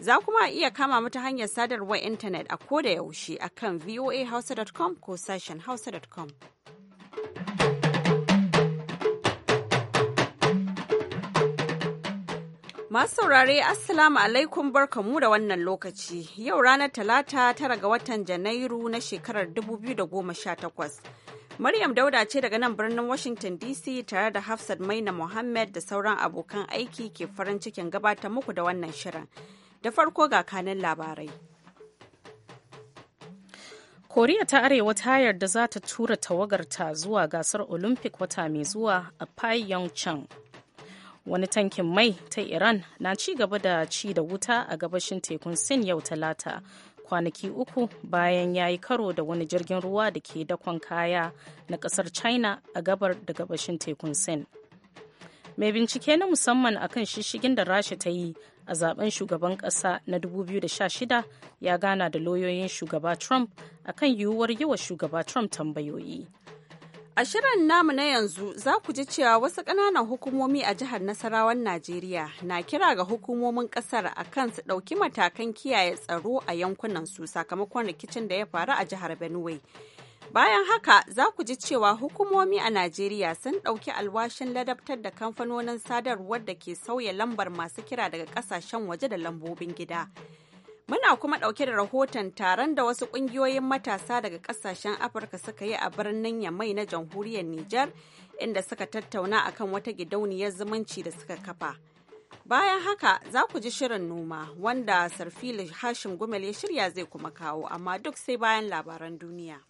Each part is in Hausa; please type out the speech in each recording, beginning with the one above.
Za kuma a iya kama mata hanyar sadarwar intanet a koda yaushe a kan voahausa.com ko sashen hausa.com. Masu saurare Assalamu alaikum barkamu da wannan lokaci. Yau ranar Talata tara ga watan Janairu na shekarar 2018. Maryam Dauda ce daga nan birnin Washington DC tare da Hafsat Maina Mohammed da sauran abokan aiki ke farin cikin gabata muku da wannan shirin. da farko ga kanan labarai. koriya ta arewa ta yarda za ta tura tawagarta zuwa gasar olympic wata mai zuwa a pyeongchang wani tankin mai ta iran na ci gaba da ci da wuta a gabashin tekun sin yau talata kwanaki uku bayan ya yi karo da wani jirgin ruwa da ke dakon kaya na kasar china a gabar da gabashin tekun sin mai bincike na musamman akan shishigin da rasha ta yi a zaben shugaban kasa na 2016 ya gana da lauyoyin shugaba Trump akan yiwuwar yiwa shugaba Trump tambayoyi. A shirin namu na yanzu za ku ji cewa wasu ƙananan hukumomi a jihar Nasarawan Najeriya na kira ga hukumomin ƙasar a kan su ɗauki matakan kiyaye tsaro a yankunan su sakamakon rikicin da ya faru a jihar Benue. Bayan haka za ku ji cewa hukumomi a Najeriya sun ɗauki alwashin ladabtar da kamfanonin sadarwar da ke sauya lambar masu kira daga ƙasashen waje da lambobin gida. Muna kuma ɗauke da rahoton taron da wasu ƙungiyoyin matasa daga ƙasashen Afirka suka yi a birnin Yamai na jamhuriyar Nijar inda suka tattauna akan wata gidauniyar zumunci da suka kafa. Bayan haka za ku ji shirin noma wanda Sarfili Hashim Gumel ya shirya zai kuma kawo amma duk sai bayan labaran duniya.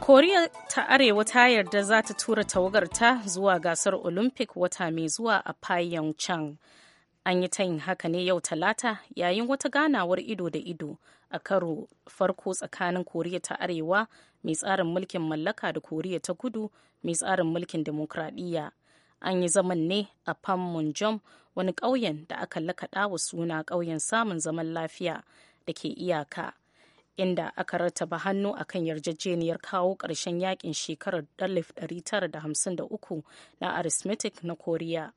koriya ta arewa ta yarda za ta tura tawagarta zuwa gasar olympic wata mai zuwa a pyeongchang an yi tayin haka ne yau talata yayin wata ganawar ido da ido a karo farko tsakanin koriya ta arewa mai tsarin mulkin mallaka da koriya ta kudu mai tsarin mulkin demokradiyya an yi zaman ne a munjom wani ƙauyen da aka lakaɗa wa suna ƙauyen samun zaman lafiya da ke iyaka inda aka rattaba hannu a kan yarjejeniyar kawo ƙarshen yakin shekarar 1953 na arithmetic na koriya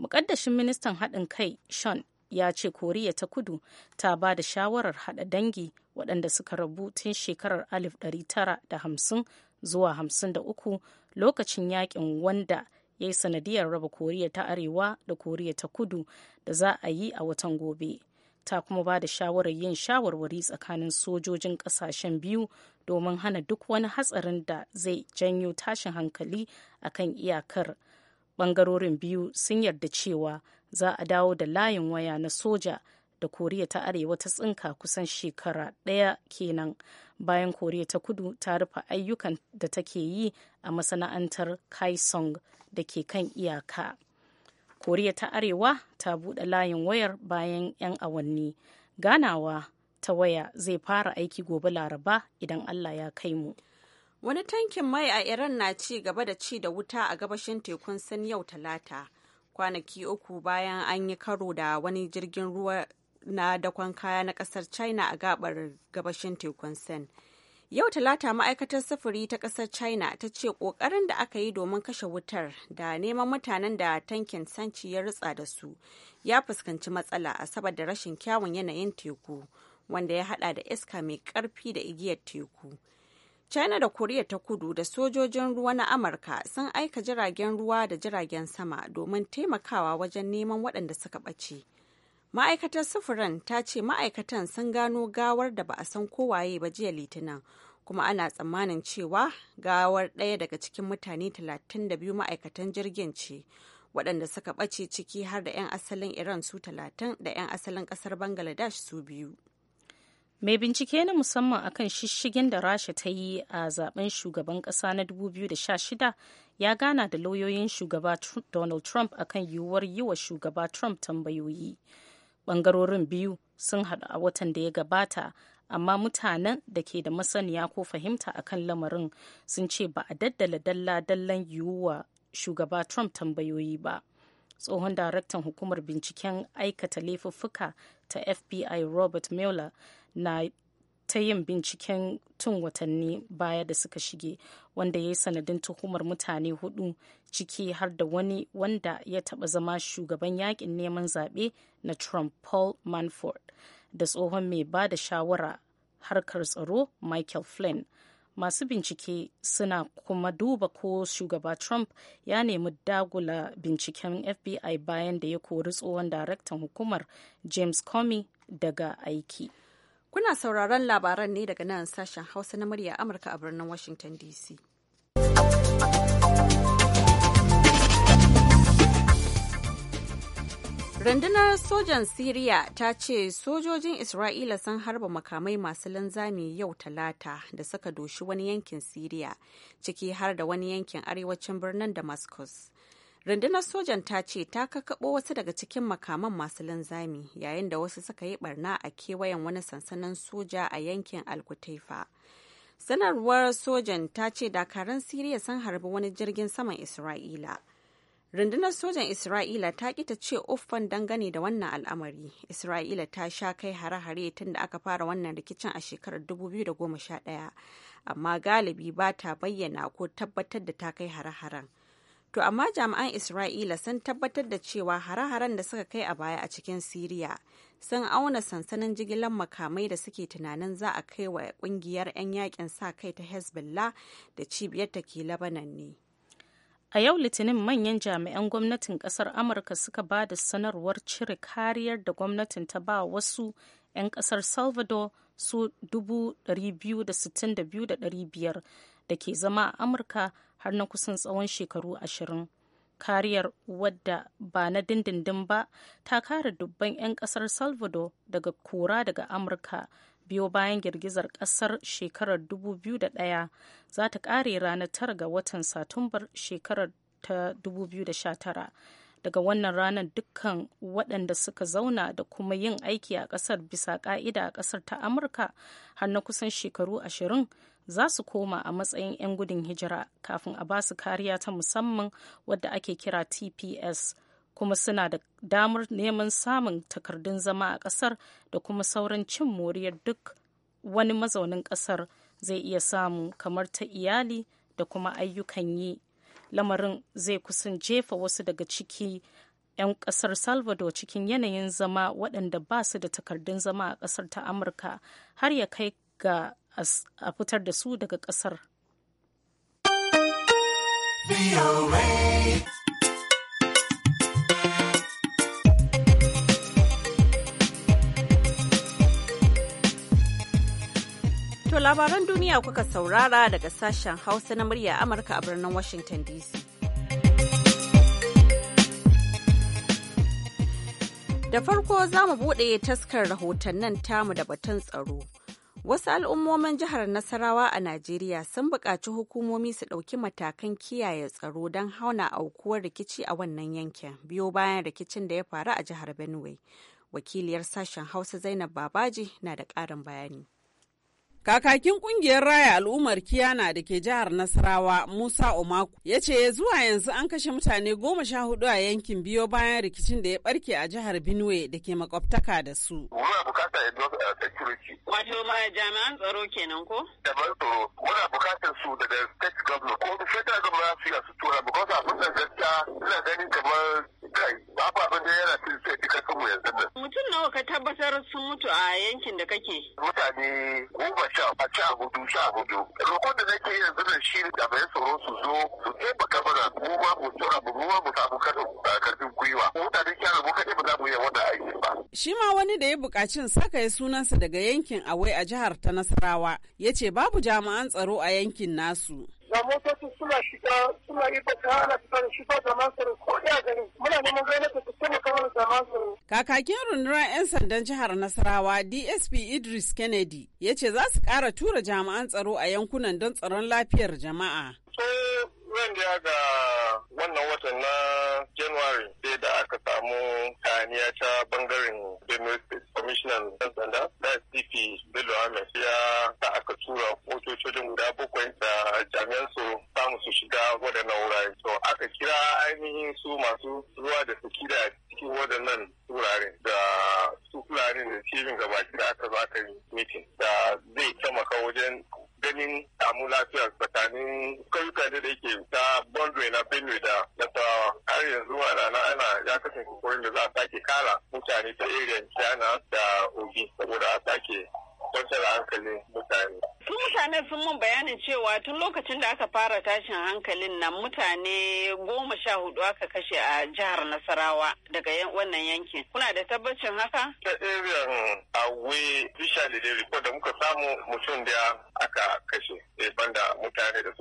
muƙaddashin ministan haɗin kai sean ya ce koriya ta kudu ta ba da shawarar haɗa dangi waɗanda suka rabu tun shekarar 1950 zuwa 53 lokacin yakin wanda ya yi sanadiyar raba koriya ta arewa da koriya ta kudu da za a yi a watan gobe ta kuma ba da shawarar yin shawarwari tsakanin sojojin kasashen biyu domin hana duk wani hatsarin da zai janyo tashin hankali a kan iyakar bangarorin biyu sun yarda cewa za a dawo da layin waya na soja da koriya ta arewa ta tsinka kusan shekara ɗaya kenan bayan koriya ta kudu ta rufe ayyukan da take yi a masana'antar kaisong da ke kan iyaka koriya ta arewa ta buɗe layin wayar bayan 'yan awanni ganawa ta waya zai fara aiki gobe laraba idan allah ya kai mu wani tankin mai a iran na ci gaba da ci da wuta a gabashin tekun san yau talata kwanaki uku bayan an yi karo da wani jirgin ruwa na dakon kaya na kasar china a gabar gabashin tekun sen Yau Talata ma'aikatar sufuri ta kasar China ta ce kokarin da aka yi domin kashe wutar da neman mutanen da tankin sanci ya ritsa da su ya fuskanci matsala a saboda rashin kyawun yanayin teku wanda ya hada da iska mai karfi da igiyar teku. China da Koriya ta kudu da sojojin ruwa na Amurka sun aika jiragen ruwa da jiragen sama domin taimakawa wajen neman waɗanda suka ɓace. ma'aikatar sufurin ta ce ma'aikatan sun gano gawar da ba a san kowaye ba jiya litinin kuma ana tsammanin cewa gawar ɗaya daga cikin mutane 32 ma'aikatan jirgin ce waɗanda suka ɓace ciki har da 'yan asalin iran su 30 da 'yan asalin ƙasar bangladesh su biyu mai bincike na musamman akan shishigin da rasha ta yi a zaben shugaban ƙasa na 2016 ya gana da lauyoyin shugaba donald trump akan yiwuwar yi wa shugaba trump tambayoyi bangarorin biyu sun haɗu a watan da ya gabata amma mutanen da ke da masaniya ko fahimta akan lamarin sun ce ba a daddala dalla-dallan yiwuwa shugaba trump tambayoyi ba tsohon daraktan hukumar binciken aikata laifuffuka ta fbi robert mueller na ta yin binciken tun watanni baya da suka shige wanda ya yi sanadin tuhumar mutane hudu ciki har da wani wanda ya taba zama shugaban yakin neman zaɓe na Trump Paul Manford da tsohon mai ba da shawara harkar tsaro Michael Flynn. Masu bincike suna kuma duba ko shugaba Trump ya nemi dagula binciken FBI bayan da ya kori tsohon daraktan hukumar James Comey daga aiki. Kuna sauraron labaran ne daga nan sashen Hausa na murya Amurka a birnin Washington DC. Rundunar sojan Siriya ta ce sojojin Isra'ila sun harba makamai masu linzami yau talata da suka doshi wani yankin Siriya, ciki har da wani yankin arewacin birnin Damascus. rundunar sojan ta ce ta kakaɓo wasu daga cikin makaman masu linzami yayin da wasu suka yi barna a kewayen wani sansanin soja a yankin alkutaifa sanarwar sojan ta ce dakaran siriya sun harbi wani jirgin saman isra'ila rundunar sojan isra'ila ta ki ta ce uffan dangane da wannan al'amari isra'ila ta sha kai hare-hare tun da aka fara wannan rikicin a shekarar 2011 amma galibi ba ta bayyana ko tabbatar da ta kai hare-haren To amma jami'an Isra'ila sun tabbatar da cewa hare-haren da suka kai a baya a cikin Siriya sun auna sansanin jigilar makamai da suke tunanin za a kai wa kungiyar 'yan yakin sa kai ta Hezbollah da cibiyar ta ke Lebanon ne. A yau Litinin manyan jami'an gwamnatin kasar Amurka suka ba da sanarwar cire kariyar da gwamnatin ta ba wasu 'yan kasar Salvador su 262,500 da ke zama a amurka har na kusan tsawon shekaru ashirin kariyar wadda ba na dindindin ba ta kare dubban 'yan kasar salvador daga kura daga amurka biyo bayan girgizar kasar shekarar 2001 za ta kare ranar 9 ga watan satumbar shekarar ta 2019 daga wannan ranar dukkan waɗanda suka zauna da kuma yin aiki a ƙasar bisa ƙa'ida a ƙasar ta amurka har na kusan shekaru ashirin za su koma a matsayin 'yan gudun hijira kafin a ba su kariya ta musamman wadda ake kira tps kuma suna da damar neman samun takardun zama a ƙasar da kuma sauran cin moriyar duk wani mazaunin ƙasar zai iya samu kamar ta iyali da kuma ayyukan yi lamarin zai kusan jefa wasu daga ciki 'yan kasar salvador cikin yanayin zama waɗanda ba su da takardun zama a ƙasar ta amurka har ya kai ga a fitar da su daga ƙasar. To labaran duniya kuka saurara daga sashen Hausa na murya Amurka a birnin Washington DC. Da farko za mu buɗe taskar rahotannin tamu da batun tsaro. Wasu al'ummomin jihar Nasarawa a Najeriya sun buƙaci hukumomi su ɗauki matakan kiyaye tsaro don hauna aukuwar rikici a wannan yankin biyo bayan rikicin da ya faru a jihar Benue. Wakiliyar sashen Hausa Zainab Babaji na da ƙarin bayani. Kakakin kungiyar raya al'ummar Kiyana da ke jihar Nasarawa Musa Omaku ya ce zuwa yanzu an kashe mutane goma sha hudu a yankin biyo bayan rikicin da ya barke a jihar Benue da ke makwabtaka da su. Muna bukata security. Wato ma jami'an tsaro kenan ko? Jami'an tsaro muna bukatar su daga state government ko da federal government su ya su tura because a da gaskiya ina ganin kamar kai ababen da yana cin sai duka kanmu yanzu nan. Mutum nawa ka tabbatar sun mutu a yankin da kake? Mutane goma a ci a hudu sha hudu roƙon da nake yanzu da shi da mai tsoro su zo su taimaka mana mu ma mu mu ma mu samu karfin gwiwa mutane kyara mu kaɗai ba za mu yi wannan aiki ba. shi ma wani da ya buƙaci saka ya sunansa daga yankin awai a jihar ta nasarawa ya ce babu jami'an tsaro a yankin nasu. da motoci suna shiga suna yi baka hana fita da shiga da masarar ko da gari muna neman gwamnati ta taimaka mana da masarar. Kakakin rundunar 'yan sandan jihar Nasarawa DSP Idris Kennedy ya ce za su ƙara tura jami'an tsaro a yankunan don tsaron lafiyar jama'a. zan ja ga wannan watan na January sai da aka samu kaniya ta bangaren Benue State Commissioner na sanda da CP Bello Ahmed ya sa aka tura motocin guda bakwai da jami'an su samu su shiga waɗannan wurare. To aka kira ainihin su masu ruwa da tsaki da cikin waɗannan mutane goma sha hudu aka kashe a jihar Nasarawa daga wannan yankin. Kuna da tabbacin haka? Ta area Awe Bishali da report da muka samu mutum da aka kashe. Eh, banda mutane da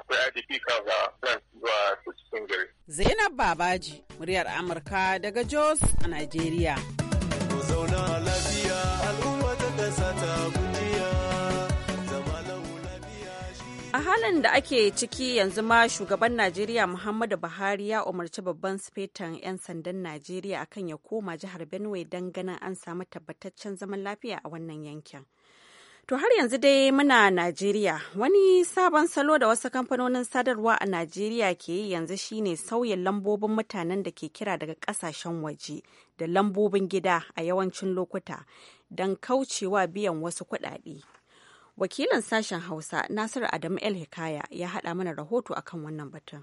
akwai IDP kaza plan zuwa cikin gari. Zainab Babaji, muryar Amurka daga Jos a Najeriya. A halin da ake ciki yanzu ma shugaban Najeriya Muhammadu Buhari ya umarci babban sifetan 'yan sandan Najeriya akan ya koma jihar Benue don ganin an samu tabbataccen zaman lafiya a wannan yankin. To har yanzu dai muna Najeriya wani sabon salo da wasu kamfanonin sadarwa a Najeriya ke yi yanzu shine sauya lambobin mutanen da ke kira daga kasashen waje da lambobin gida a yawancin lokuta don kaucewa biyan wasu kuɗaɗe. Wakilin sashen Hausa Nasiru Adamu El Hikaya ya haɗa mana rahoto akan wannan batun.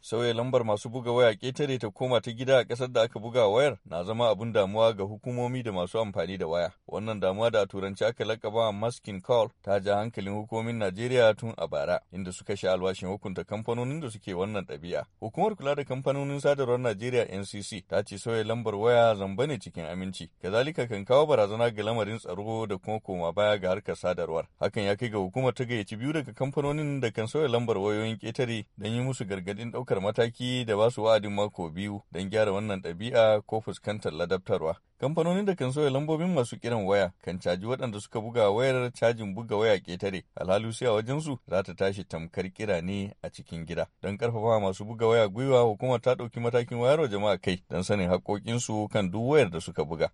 Sauya lambar masu buga waya ketare ta koma ta gida a kasar da aka buga wayar na zama abin damuwa ga hukumomi da masu amfani da waya. Wannan damuwa da a turanci aka lakaba masking call ta ja hankalin hukumomin Najeriya tun a bara, inda suka sha alwashin hukunta kamfanonin da suke wannan ɗabi'a. Hukumar kula da kamfanonin sadarwar Najeriya NCC ta ce sauya lambar waya zamba ne cikin aminci. Kazalika kan kawo barazana ga lamarin tsaro da kuma koma baya ga harkar sadarwar. Hakan ya kai ga hukumar ta gayyaci biyu daga kamfanonin da kan sauya lambar wayoyin ketare don yi musu gargaɗin ɗaukar ɗaukar mataki da ba su wa'adin mako biyu don gyara wannan ɗabi'a ko fuskantar ladabtarwa. Kamfanonin da kan soya lambobin masu kiran waya kan caji waɗanda suka buga wayar cajin buga waya ƙetare alhalu sai a wajensu za ta tashi tamkar kira ne a cikin gida. Don ƙarfafa masu buga waya gwiwa hukumar ta ɗauki matakin wayarwa jama'a kai don sanin haƙoƙinsu kan duk wayar da suka buga.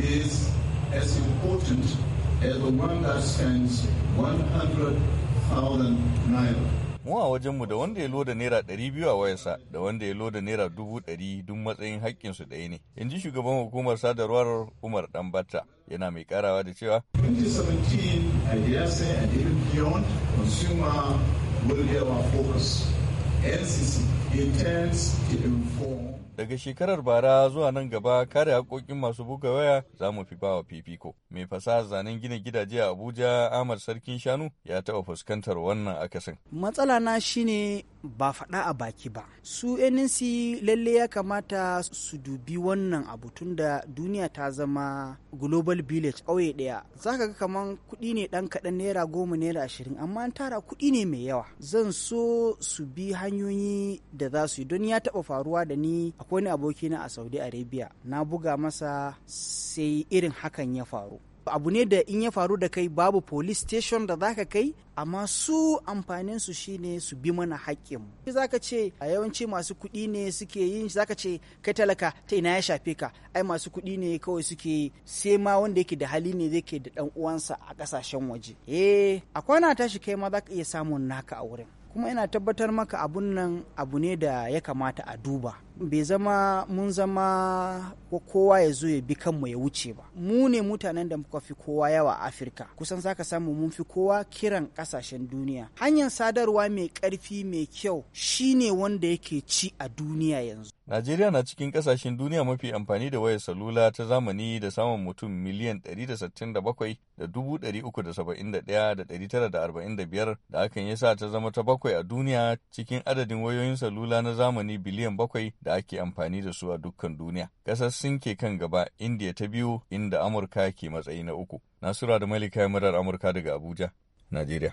is as important is the one mu a wajenmu da wanda ya loda naira ɗari biyu a wayarsa da wanda ya loda naira dubu ɗari duk matsayin haƙƙinsu ɗaya ne in ji shugaban hukumar sadarwar umar ɗanbata yana mai karawa da cewa NCC intends to inform daga shekarar bara zuwa nan gaba kare haƙoƙin masu buga waya za mu fi ba wa fifiko. Mai fasahar zanen gina gidaje a Abuja Ahmad Sarkin Shanu ya taɓa fuskantar wannan akasin. Matsala na shine ba faɗa a baki ba su nnc lalle ya kamata su dubi wannan abu tun da duniya ta zama global village ƙauye ɗaya za ka ga kaman kuɗi ne ɗan kaɗan naira goma naira ashirin amma an tara kuɗi ne mai yawa zan so su bi hanyoyi da za su yi don ya taɓa faruwa da ni akwai ni abokina a saudi arabia na buga masa sai irin hakan ya faru abu ne da in ya faru da kai babu police station da zaka kai amma su amfanin su shine su bi mana haƙƙin mu zaka ce a yawanci masu kuɗi ne suke yin zaka ce kai talaka ta ina ya shafe ka ai masu kuɗi ne kawai suke sai ma wanda yake da hali ne zai ke da dan uwansa a ƙasashen waje eh a kwana tashi kai ma zaka iya samun naka a wurin kuma ina tabbatar maka abun nan abu ne da ya kamata a duba bai zama mun zama kowa ya zo ya bi kanmu ya wuce ba mu ne mutanen da muka fi kowa yawa a afirka kusan zaka samu mun fi kowa kiran kasashen duniya hanyar sadarwa mai karfi mai kyau shine wanda yake ci a duniya yanzu Najeriya na cikin kasashen duniya mafi amfani da wayar salula ta zamani da samun mutum miliyan 167,371,945 da hakan ya sa ta zama ta bakwai a duniya cikin adadin wayoyin salula na zamani biliyan bakwai da ake amfani da su a dukkan duniya. Ƙasar sun ke kan gaba, India ta biyu, inda Amurka ke matsayi na uku. Nasura da Malika murar Amurka daga Abuja, Najeriya.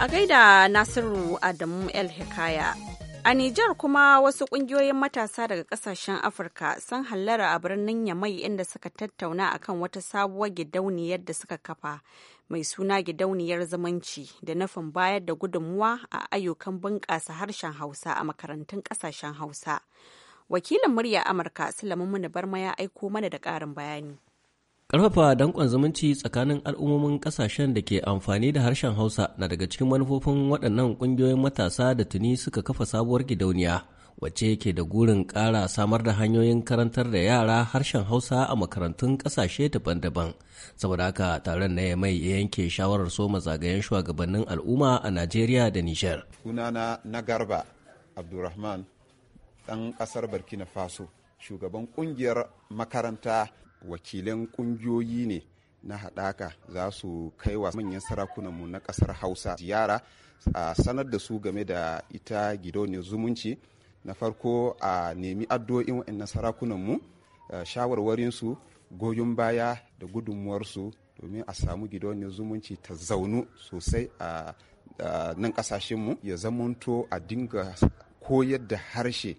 A gaida Nasiru Adamu El Hikaya. A Nijar kuma wasu kungiyoyin matasa daga kasashen Afirka sun hallara a birnin Yamai inda suka tattauna akan wata sabuwar gidauniyar da suka kafa mai suna gidauniyar zumunci da nufin bayar da gudunmuwa a ayyukan bunƙasa harshen Hausa a makarantun kasashen Hausa. Wakilin murya Amurka Sulaiman Muni Barma ya aiko mana da ƙarin bayani. Ƙarfafa danƙon zumunci tsakanin al'ummomin ƙasashen da ke amfani da harshen Hausa na daga cikin manufofin waɗannan ƙungiyoyin matasa da tuni suka kafa sabuwar gidauniya, wacce ke da gurin ƙara samar da hanyoyin karantar da yara harshen Hausa a makarantun ƙasashe daban-daban. Saboda haka taron na mai ya yanke shawarar so zagayen shugabannin al'umma a Najeriya da Nijar. Sunana na Garba Abdulrahman ɗan ƙasar Burkina Faso, shugaban ƙungiyar makaranta wakilan ƙungiyoyi ne na haɗaka za su kai wa manyan sarakunanmu na ƙasar hausa ziyara a sanar da su game da ita gidauniyar zumunci na farko a nemi addu'o'in waɗannan sarakunanmu shawarwarinsu goyon baya da gudunmuwarsu domin a samu gidauniyar zumunci ta zaunu sosai a nan ƙasashenmu ya zamanto a dinga koyar da harshe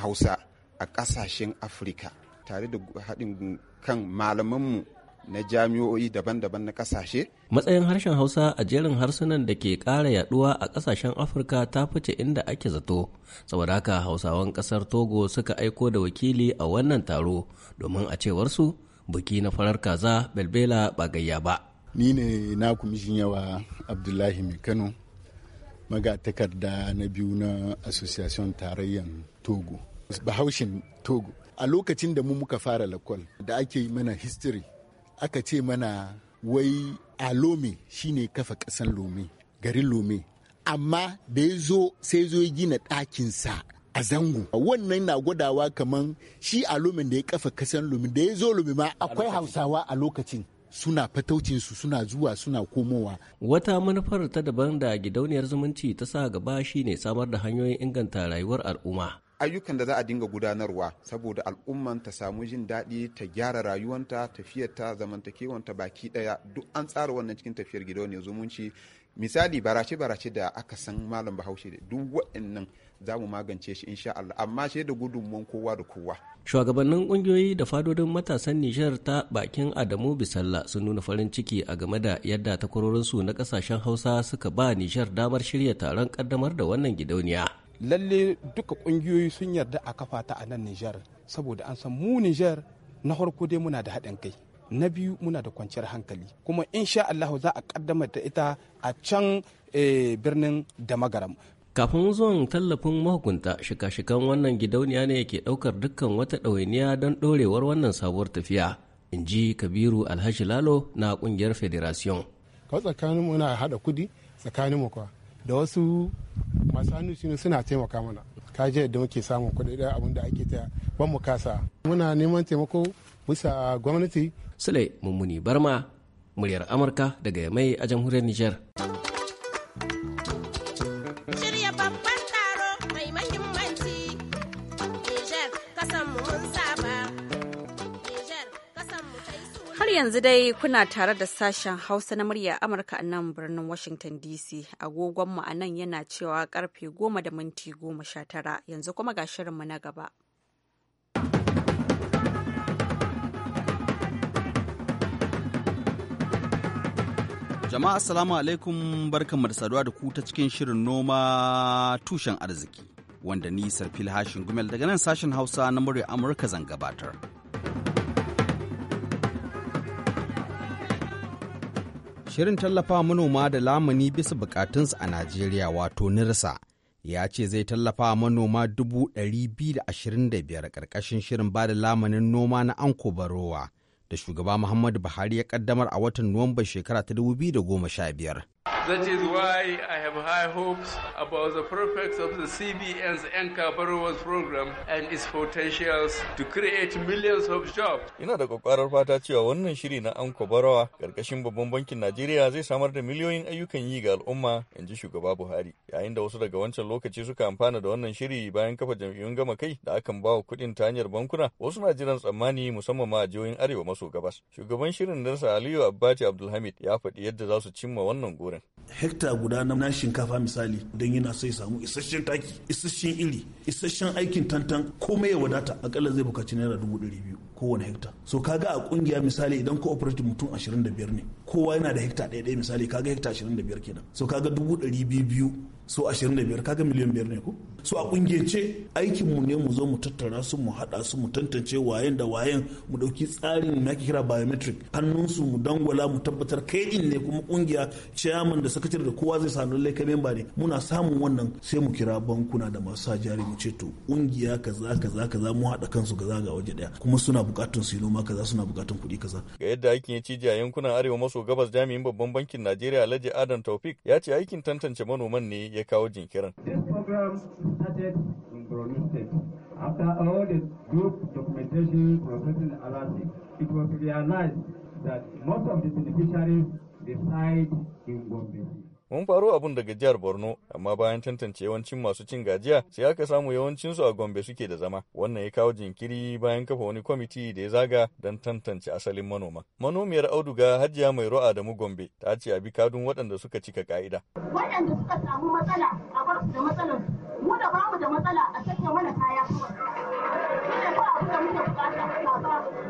hausa a ƙasashen afirka tare da haɗin kan malamanmu na jami'o'i daban-daban na ƙasashe. Matsayin harshen Hausa a jerin harsunan da ke ƙara yaduwa a ƙasashen Afirka ta fice inda ake zato, saboda haka Hausawan ƙasar Togo suka aiko da wakili a wannan taro domin a cewarsu buki na farar kaza belbela ba gayya ba. Ni ne na kumishin yawa Abdullahi Mai Kano, magatakarda na biyu na Association Tarayyan Togo, Bahaushin Togo. a lokacin da mu muka fara lakwal da ake mana history aka ce mana wai a lome shine kafa ƙasan lome garin lome amma da ya zo sai zo ya gina ɗakinsa a zango wannan na gwadawa kamar shi a lomin da ya kafa kasan lomi da ya zo lomi ma akwai hausawa a lokacin suna fataucinsu suna zuwa suna komowa. Wata manufar ta daban da gidauniyar zumunci ta sa gaba shine samar da hanyoyin inganta rayuwar al'umma ayyukan da za a dinga gudanarwa saboda al'umman ta samu jin daɗi ta gyara rayuwanta tafiyarta zamantakewanta baki ɗaya duk an tsara wannan cikin tafiyar gidauniyar zumunci misali barace-barace da aka san malam bahaushe da duk waɗannan za mu magance shi insha Allah amma shi da gudunmuwan kowa da kowa. Shugabannin ƙungiyoyi da fadodin matasan Nijar ta bakin Adamu Bisalla sun nuna farin ciki a game da yadda takwarorinsu na ƙasashen Hausa suka ba Nijar damar shirya taron kaddamar da wannan gidauniya. lalle duka kungiyoyi sun yarda a kafa ta a nan Nijar saboda an san mu Nijar na farko dai muna da haɗin kai na biyu muna da kwanciyar hankali kuma in sha Allah za a kaddama da ita a can eh, birnin da magaram kafin zuwan tallafin mahukunta shika-shikan wannan gidauniya ne yake ɗaukar dukkan wata ɗawainiya don ɗorewar wannan sabuwar tafiya in ji kabiru alhaji lalo na ƙungiyar federation kawai tsakanin muna haɗa kudi tsakanin mu kuwa da wasu masu hannu shine suna taimaka mana ka je da muke samun kuɗaɗen abin da ake ta ban mu kasa muna neman taimako bisa gwamnati sule mummuni barma muryar amurka daga mai a jamhuriyar niger yanzu dai kuna tare da sashen Hausa na murya Amurka a nan birnin Washington DC. Agogonmu a nan yana cewa karfe goma da minti goma sha tara yanzu kuma ga shirinmu na gaba. Jama'a Assalamu alaikum barkanmu da saduwa da ku ta cikin shirin noma tushen arziki wanda ni Sarfil Hashin Gumel daga nan sashen Hausa na murya Amurka zan gabatar. Shirin tallafa manoma da lamuni bisa bukatunsu a Najeriya wato NIRSA ya ce zai tallafa manoma dubu 225 karkashin shirin ba da lamunin noma na Anko Barowa da shugaba Muhammadu Buhari ya kaddamar a watan Nuwamban shekara ta dubu 2015. That is why I have high hopes about the prospects of the CBN's Anchor Borrowers Program and its potentials to create millions of jobs. Ina da kwakwarar fata cewa wannan shiri na Anko Barawa karkashin babban bankin Najeriya zai samar da miliyoyin ayyukan yi ga al'umma, in ji shugaba Buhari. Yayin da wasu daga wancan lokaci suka amfana da wannan shiri bayan kafa jami'un gama kai da akan bawa kuɗin ta hanyar bankuna, wasu na jiran tsammani musamman ma a jihohin Arewa maso gabas. Shugaban shirin darsa Aliyu Abbati Abdulhamid ya faɗi yadda za su cimma wannan gurin. hekta guda na shinkafa misali don yana sai samu isasshen taki isasshen iri isasshen aikin tantan komai ya wadata akalla zai bukaci naira dubu ɗari biyu kowane hekta so kaga a kungiya misali idan cooperative mutum ashirin da biyar ne kowa yana da hekta ɗaya ɗaya misali kaga hekta ashirin da biyar kenan so kaga dubu ɗari biyu biyu so ashirin da biyar kaga miliyan biyar ne ko su a kungiyace aikin mu ne mu zo mu tattara su mu hada su mu tantance wayen da wayen mu dauki tsarin ake kira biometric hannun su mu dangwala mu tabbatar kai din ne kuma kungiya chairman da sakatare da kowa zai sanu lai kai memba ne muna samun wannan sai mu kira bankuna da masu sa jari mu ce to kungiya kaza kaza kaza mu hada kansu kaza ga waje daya kuma suna bukatun su yi noma kaza suna bukatun kuɗi kaza ga yadda aikin ya cije a yankunan arewa maso gabas jami'in babban bankin Najeriya Alhaji Adam Taufik ya ce aikin tantance manoman ne ya kawo jinkirin. started in Borno State. After all the group documentation processing it was realized that most of the beneficiaries reside in Gombe. Mun faru abun daga jihar Borno, amma bayan tantance yawancin masu cin gajiya sai aka samu yawancinsu a Gombe suke da zama. Wannan ya kawo jinkiri bayan kafa wani kwamiti da ya zaga don tantance asalin manoma. Manomiyar auduga Hajiya Mai Ro'a da mu Gombe ta ce a bi kadun waɗanda suka cika ka'ida. Waɗanda suka samu matsala a da matsalar mu da bamu da matsala a sake mana kaya Ba abu da muke bukata ba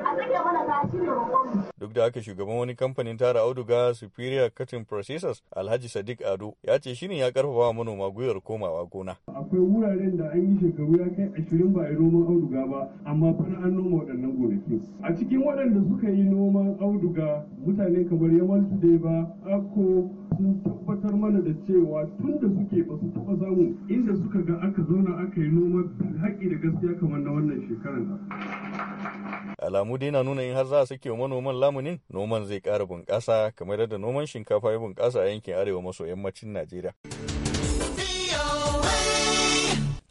Duk da haka shugaban wani kamfanin tara auduga Superior Cutting Processors Alhaji Sadiq Ado ya ce shirin ya karfafa manoma gwiwar komawa gona. Akwai wuraren da an yi shekaru ya kai ashirin ba a yi noman auduga ba amma fana an noma waɗannan gonaki. A cikin waɗanda suka yi noman auduga mutane kamar Yamal ba Ako sun tabbatar mana da cewa tun da suke ba su taɓa samu inda suka ga aka zauna aka yi noma haƙi da gaskiya kamar na wannan shekarar. Alamu dai na nuna in har za a sake wa manoman lamunin noman zai ƙara bunƙasa kamar yadda noman shinkafa ya bunƙasa a yankin arewa maso yammacin Najeriya.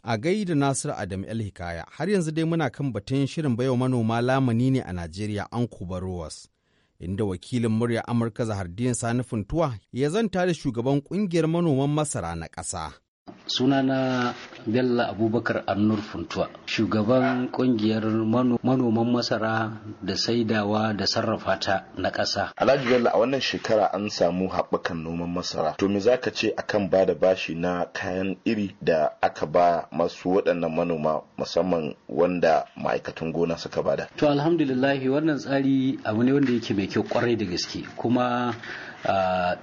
A gaida Nasiru Adam El Hikaya har yanzu dai muna kan batun shirin baiwa manoma lamuni ne a Najeriya an Rowas. Inda wakilin murya Amurka Zahardin Sani Funtuwa ya zanta da shugaban kungiyar manoman masara na ƙasa. sunana bello abubakar annur funtuwa shugaban kungiyar manoman masara da saidawa da sarrafa ta na ƙasa alhaji bello a wannan shekara an samu haɓakan noman masara to me zaka ce akan ba da bashi na kayan iri da aka ba masu waɗannan manoma musamman wanda ma'aikatan gona suka bada to alhamdulillahi, wannan tsari abu ne wanda yake mai kyau kwarai da gaske kuma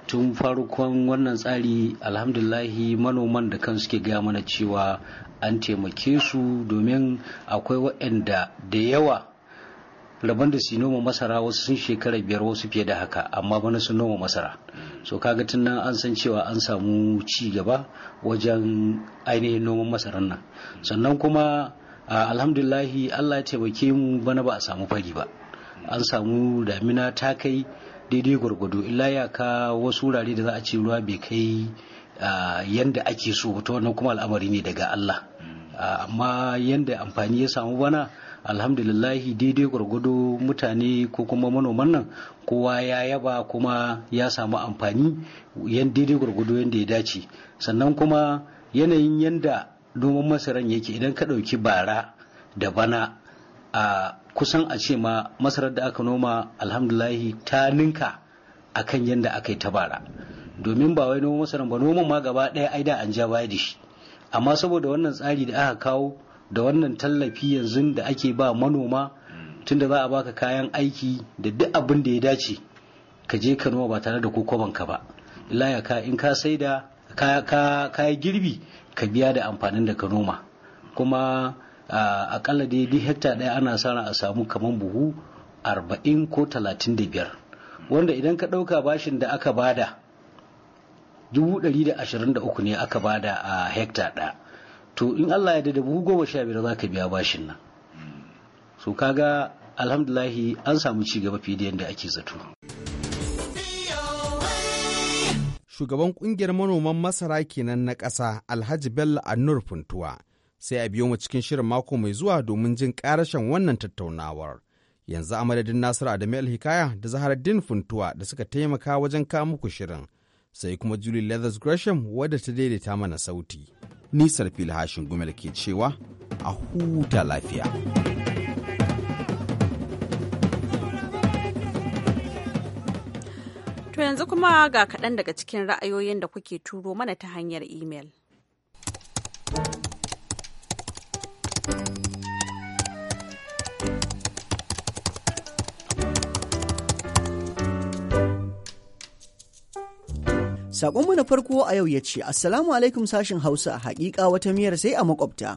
tun farkon wannan tsari alhamdulahi manoman da kan suke gaya mana cewa an taimake su domin akwai waɗanda da yawa rabon da su noma masara wasu sun shekara biyar wasu fiye da haka amma bana sun noma masara so kaga tun nan an san cewa an samu ci gaba wajen ainihin noman masaran nan sannan kuma alhamdulahi allah ya taimake mu bana ba a samu fari ba an samu damina ta kai daidai gwargwado illa ya ka wasu wurare da za a ce ruwa bai kai yanda ake so ta wannan kuma al'amari ne daga Allah amma yanda amfani ya samu bana alhamdulillahi daidai gwargwado mutane ko kuma manoman nan kowa ya yaba kuma ya samu amfani yan daidai gwargwado yanda ya dace sannan kuma yanayin yanda noman masaran yake idan ka ɗauki bara da bana a kusan a ce ma masarar da aka noma alhamdulahi ta ninka a kan yadda aka yi ta bara domin ba wai noman masarar ba noman ma gaba ɗaya aida da an ja baya da shi amma saboda wannan tsari da aka kawo da wannan tallafi yanzu da ake ba manoma tunda za a baka kayan aiki da duk abin da ya dace ka je ka noma ba tare da kokoban ka ba illa ya ka in ka saida ka ka girbi ka biya da amfanin da ka noma kuma akalla dai duk hekta ɗaya ana sa a samu kamar buhu arba'in ko talatin da wanda idan ka ɗauka bashin da aka bada dubu ne aka bada a hekta ɗaya to in Allah ya da buhu goma sha biyar za ka biya bashin nan so kaga alhamdulahi an samu ci gaba fiye da yadda ake zato shugaban kungiyar manoman masara kenan na ƙasa alhaji bello annur funtuwa sai a biyo mu cikin shirin mako mai zuwa domin jin karashen wannan tattaunawar. Yanzu a madadin Nasiru Adamu Alhikaya da Zaharaddin Funtuwa da suka taimaka wajen kawo muku shirin, sai kuma Julie Leathers Gresham wadda ta daidaita mana sauti. nisar Sarfil Hashin Gumel ke cewa a huta lafiya. To yanzu kuma ga kaɗan daga cikin ra'ayoyin da kuke turo mana ta hanyar imel. Sakonmu na farko a yau ya ce, Assalamu alaikum sashen Hausa, hakika wata miyar sai a makwabta.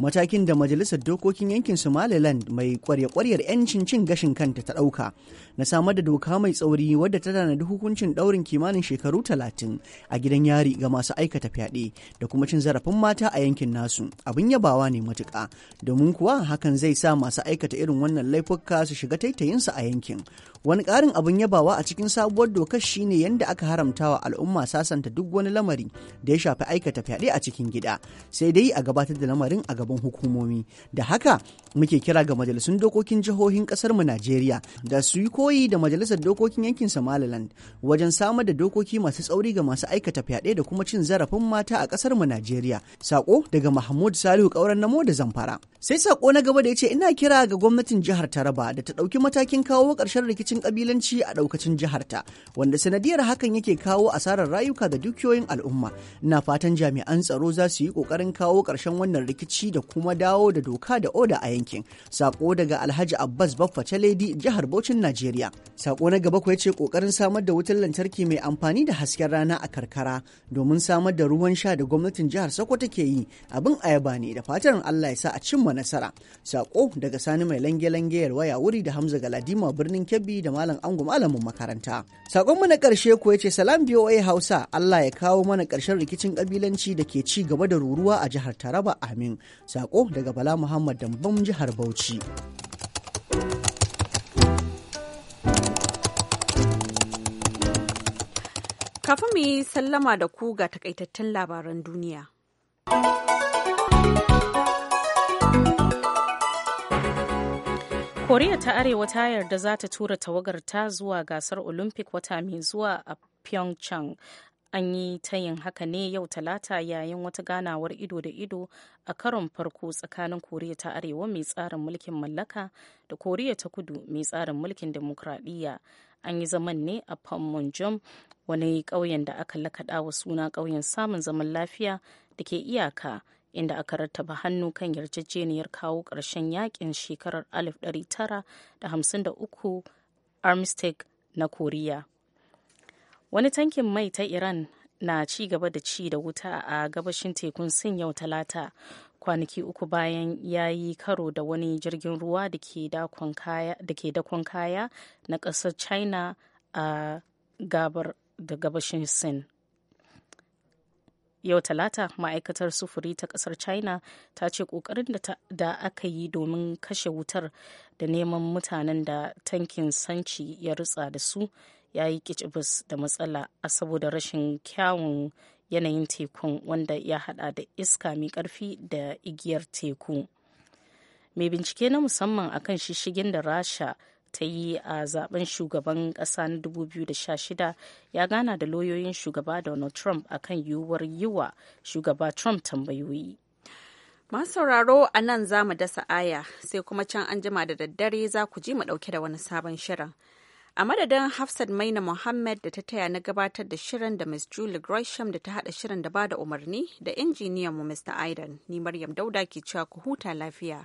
matakin da majalisar dokokin yankin somaliland mai kwarya-kwaryar 'yancin cin gashin kanta ta ɗauka na samar da doka mai tsauri wadda ta tanadi hukuncin ɗaurin kimanin shekaru talatin a gidan yari ga masu aikata fyaɗe da kuma cin zarafin mata a yankin nasu abin yabawa ne matuƙa domin kuwa hakan zai sa masu aikata irin wannan laifuka su shiga taitayinsu a yankin Wani ƙarin abin yabawa a cikin sabuwar dokar shine yadda aka haramtawa al'umma sasanta duk wani lamari da ya shafi aikata fyaɗe a cikin gida, sai dai a gabatar da lamarin a gaban hukumomi. Da haka muke kira ga majalisun dokokin jihohin ƙasar mu Najeriya da su yi koyi da majalisar dokokin yankin Somaliland wajen samar da dokoki masu tsauri ga masu aikata fyaɗe da kuma cin zarafin mata a ƙasar mu Najeriya. Sako daga Mahmud Salihu Kauran Namo da Zamfara. Sai sako na gaba da ya ce ina kira ga gwamnatin jihar Taraba da ta ɗauki matakin kawo ƙarshen rikicin cikin kabilanci a daukacin jiharta wanda sanadiyar hakan yake kawo asarar rayuka da dukiyoyin al'umma na fatan jami'an tsaro za su yi kokarin kawo karshen wannan rikici da kuma dawo da doka da oda a yankin sako daga alhaji abbas baffa ledi jihar bauchin najeriya sako na gaba kuwa ce kokarin samar da wutar lantarki mai amfani da hasken rana a karkara domin samar da ruwan sha da gwamnatin jihar sokoto ke yi abin ayaba ne da fatan allah ya sa a cimma nasara sako daga sani mai lange-lange waya wuri da hamza galadima birnin kebbi da malam ango malamin makaranta. Sakonmu na ƙarshe ko ya ce salam BOA Hausa Allah ya kawo mana ƙarshen rikicin ƙabilanci da ke ci gaba da ruruwa a jihar Taraba amin. Sako daga Bala Muhammad Dambam jihar Bauchi. Kafin mu yi sallama da ku ga takaitattun labaran duniya. koriya ta arewa ta yarda za ta tura tawagar ta zuwa gasar olympic wata mai zuwa a pyeongchang an yi yin haka ne yau talata yayin wata ganawar ido da ido a karon farko tsakanin koriya ta arewa mai tsarin mulkin mallaka da koriya ta kudu mai tsarin mulkin demokradiyya an yi zaman ne a panmunjom wani ƙauyen da aka lakaɗa wa suna ƙauyen samun zaman lafiya da ke iyaka inda aka rattaba hannu kan yarjejeniyar kawo ƙarshen yakin shekarar 1953 armistice na koriya wani tankin mai ta iran na ci gaba da ci da wuta a gabashin tekun sin yau talata kwanaki uku bayan ya yi karo da wani jirgin ruwa da ke dakon kaya na ƙasar china a gabar da gabashin sin yau talata ma'aikatar sufuri ta kasar china ta ce kokarin da aka yi domin kashe wutar da neman mutanen da tankin sanci ya rutsa da su ya yi kicibis da matsala a saboda rashin kyawun yanayin tekun wanda ya hada da iska mai karfi da igiyar teku mai bincike na musamman akan shishigin da rasha ta yi a zaben shugaban ƙasa na 2016 ya gana da lauyoyin shugaba Donald Trump akan yiwuwar yiwa shugaba Trump tambayoyi. Masu sauraro a nan za mu dasa aya sai kuma can an jima da daddare za ku ji mu ɗauke da wani sabon shirin. A madadin Hafsat Maina mohammed da ta taya na gabatar da shirin da Miss Julie Gresham da ta hada shirin da ba da umarni da injiniyanmu Mr. Aidan, ni Maryam Dauda ke cewa ku huta lafiya.